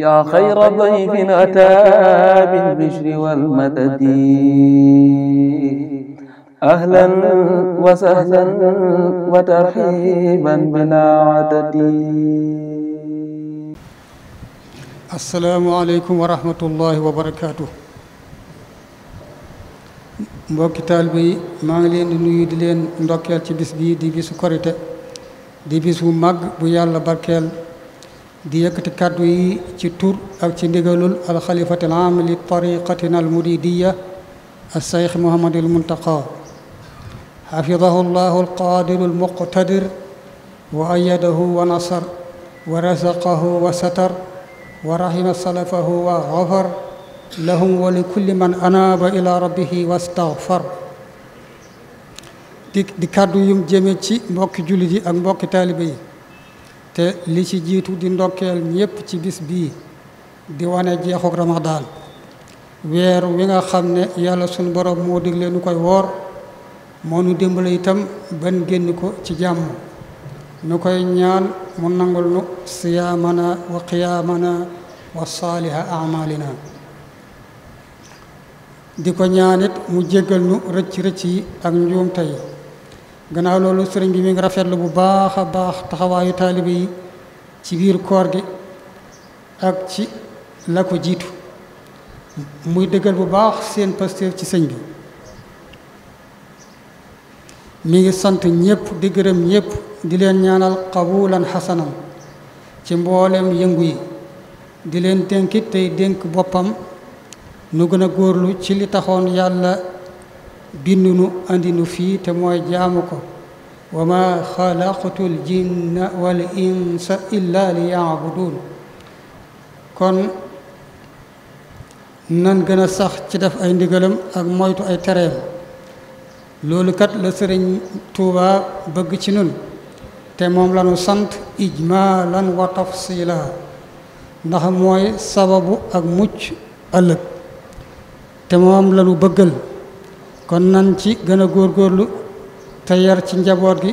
yaa xayra dayfin ataa bil bishri wal madadi ahlan wa sahlan wa tarxiiban bilaa adadi. wa rahmatullahi wa barakaatu. mbokki taalibe yi maa ngi leen di nuyu di leen ndokkeel ci bis bii di bisu korite di bisu màgg bu yàlla barkeel. di yëkkati kàddu yi ci tur ak ci ndigalul alxalifatil aam li tariqatina almuridiya alseyx muhammadil muntaqa xafidahu llahu alqadiru almuqtadir wa ayadahu wa nasar wa razaqahu wa satar wa rahima salafahu wa gafar lahum wa li man anaaba ila rabbihi wa staxfar di di kàddu mbokki jullit yi mbokki taalibe te li ci jiitu di ndokkeel yépp ci bis bii di wane jeexuk ramadaan weer wi nga xam ne yàlla sunu borom moo digle nu koy woor moo nu dimbale itam ban génn ko ci jàmm nu koy ñaan mu nangul nu siyaamana wa qiyaamana wa saaliha amalina di ko ñaanit mu jéggal nu rëcc rëcc yi ak njuum tey gannaaw loolu sëriñ bi mi ngi rafetlu bu baax a baax taxawaayu taalibe yi ci biir koor gi ak ci la ko jiitu muy dëggal bu baax seen pastéef ci sëñ bi mu ngi sant ñépp di gërëm ñépp di leen ñaanal qabulan xasanan ci mboolem yëngu yi di leen dénkit tey dénk boppam nu gën a góorlu ci li taxoon yàlla bind nu andi fii te mooy jaamu ko wa ma xalaqtul jinna wal insa illa li yaabudun kon nan gën a sax ci def ay ndigalam ak moytu ay tereem loolu kat la sëriñ Tuuba bëgg ci nun te moom lanu sant ijmaalan wa tafsila ndax mooy sababu ak mucc ëllëg te moom lanu bëggal kon nan ci gën a góorgóorlu te yar ci njaboot gi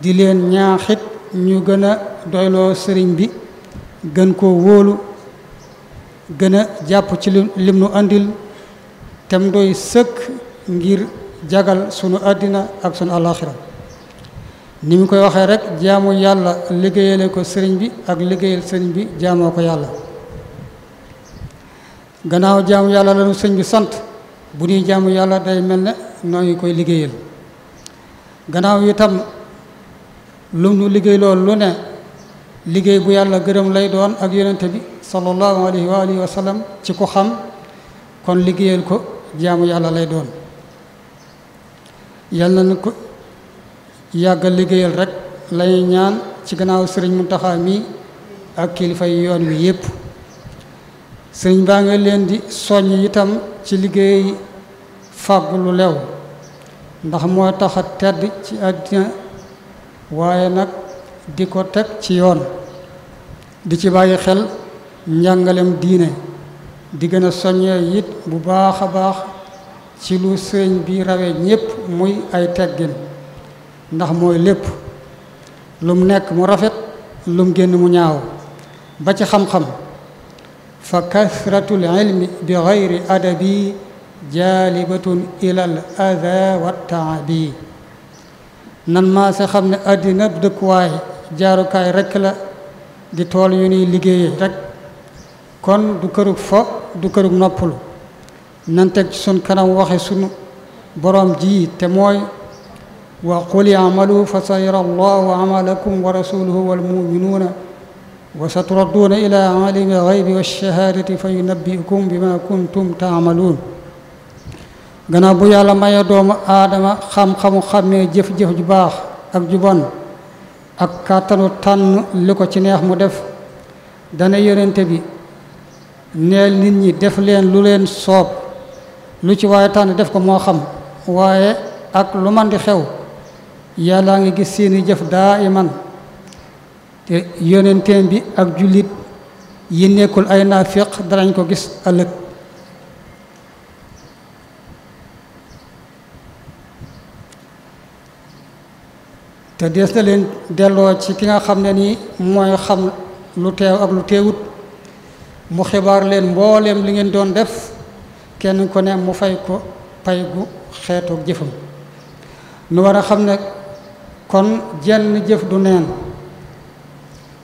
di leen ñaaxit ñu gën a doyloo sëriñ bi gën koo wóolu gën a jàpp ci lim nu andil tem doy sëkk ngir jagal sunu àddina ak sunu àllaaxira ni mu koy waxee rekk jaamu yàlla liggéeyale ko sëriñ bi ak liggéeyal sëriñ bi jaamoo ko yàlla gannaaw jaamu yàlla lanu sëñ bi sant bu ñuy jaamu yàlla day mel ne noo ngi koy liggéeyal gannaaw itam lu nu liggéey loolu lu ne liggéey bu yàlla gërëm lay doon ak yonente bi sallallahu alayhi wa alihi ci ku xam kon liggéeyal ko jaamu yàlla lay doon yàlla na ko yàggal liggéeyal rekk lay ñaan ci gannaaw sëriñ Muntaxa mi ak kilifa yi yoon wi yépp sëriñ baa nga leen di soññ itam ci liggéey fàggu lu lew ndax mooy tax a tedd ci àddina waaye nag di ko teg ci yoon di ci bàyyi xel njàngalem diine di gëna a soññee it bu baax a baax ci lu sëñ bi rawee ñépp muy ay teggin ndax mooy lépp lum nekk mu rafet lum génn mu ñaaw ba ci xam-xam fa kasratul ilmi bi gayri adabi jaalibatun ilal ada wa taabi nan maa sa xam ne àddina dëkkuwaay jaarukaay rekk la di tool yu nuy liggéeye rekk kon du kërug fo du kërug noppalu nan teg ci sun kanam waxe sunu boroom ji te mooy wa qul yaamalu fa sayara allahu amalakum wa rasuluhu wal muminuuna wa saturadduuna ila aalimi alxaybi walchahaadati fa bi bima kuntum taamaluun gannaaw bu yàlla maye doomu aadama xam-xamu xàmmee jëf-jëf ju baax ak ju ak kàttanu tànn li ko ci neex mu def dana yonente bi neel nit ñi def leen lu leen soob lu ci waaye tànn def ko moo xam waaye ak lu man di xew yàllaa ngi gis seeni jëf daa iman te yonenteem bi ak jullit yi nekkul ay naafiq danañ ko gis ëllëg te des na leen delloo ci ki nga xam ne nii mooy xam lu teew ak lu teewut mu xibaar leen mbooleem li ngeen doon def kenn ku ne mu fay ko pay gu xeetoog jëfam nu war a xam ne kon jenn jëf du neen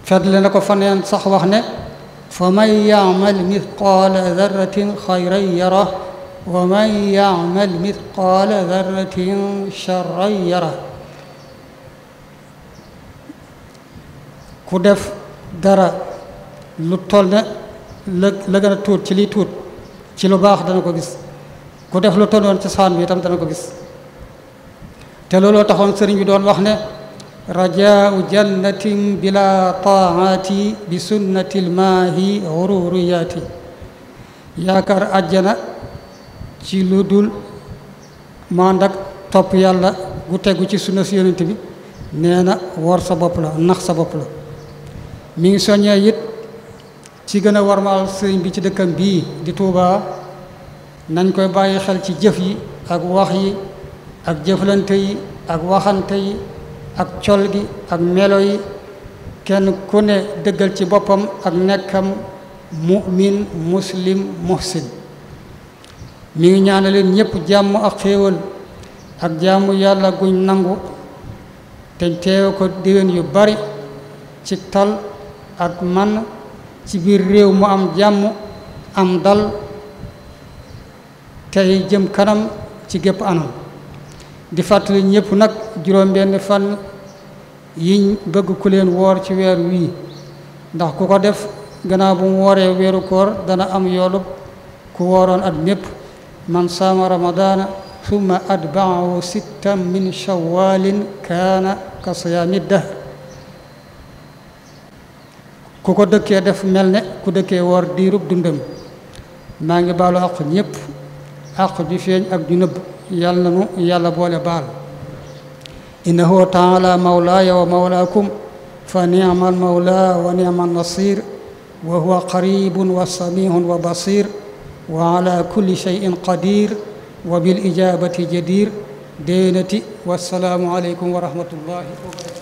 fedle na ko faneen sax wax ne fa man yaamal mithqaala darratin xayran yara wa man yaamal mithqaala darratin charran yara ku def dara lu toll ne la la gën tuut ci li tuut ci lu baax dana ko gis ku def lu tolloon ci saan bi itam dana ko gis te looloo taxoon sëriñ bi doon wax ne rajaau jannatin bila taati bi sunnatil maahi xururiyaati yaakaar àjjana ci lu dul mànd topp yàlla gu tegu ci sunna si bi nee na wor sa bopp la nax sa bopp la mi ngi soññee it ci gën a warmaal sëriñ bi ci dëkkam bii di Tuubaa nañ koy bàyyi xel ci jëf yi ak wax yi ak jëflante yi ak waxante yi ak col gi ak melo yi kenn ku ne dëggal ci boppam ak nekkam mu'min muslim muhsin mi ngi ñaanaleen ñëpp jàmm ak xéewal ak jàmm yàlla guñ nangu te teewe ko déwén yu bari ci tal ak man ci biir réew mu am jàmm am dal tey jëm kanam ci gépp anam di fàttali ñépp nag juróom-benn fan yiñ bëgg ku leen woor ci weer wii ndax ku ko def gannaaw bu mu wooree weeru koor dana am yoolub ku wooroon at mépp man saama ramadaana summa atbaahu sittan min shawalin kaana ka siyaami dahr ku ko dëkkee def mel ne ku dëkkee woor diirub dundam maa ngi baalu àq ñëpp àq ju feeñ ak ju nëbb yal na nu yàlla boole baal innahu taala mawlaaya wa mawlaakum fa ni'mal mawla wa ni'mal nasir wa huwa qaribun wa samihun wa basir wa ala kulli shay'in qadir wa bil ijabati jadir déenati wassalaamu aleykum wa rahmatullahi wa barakatuh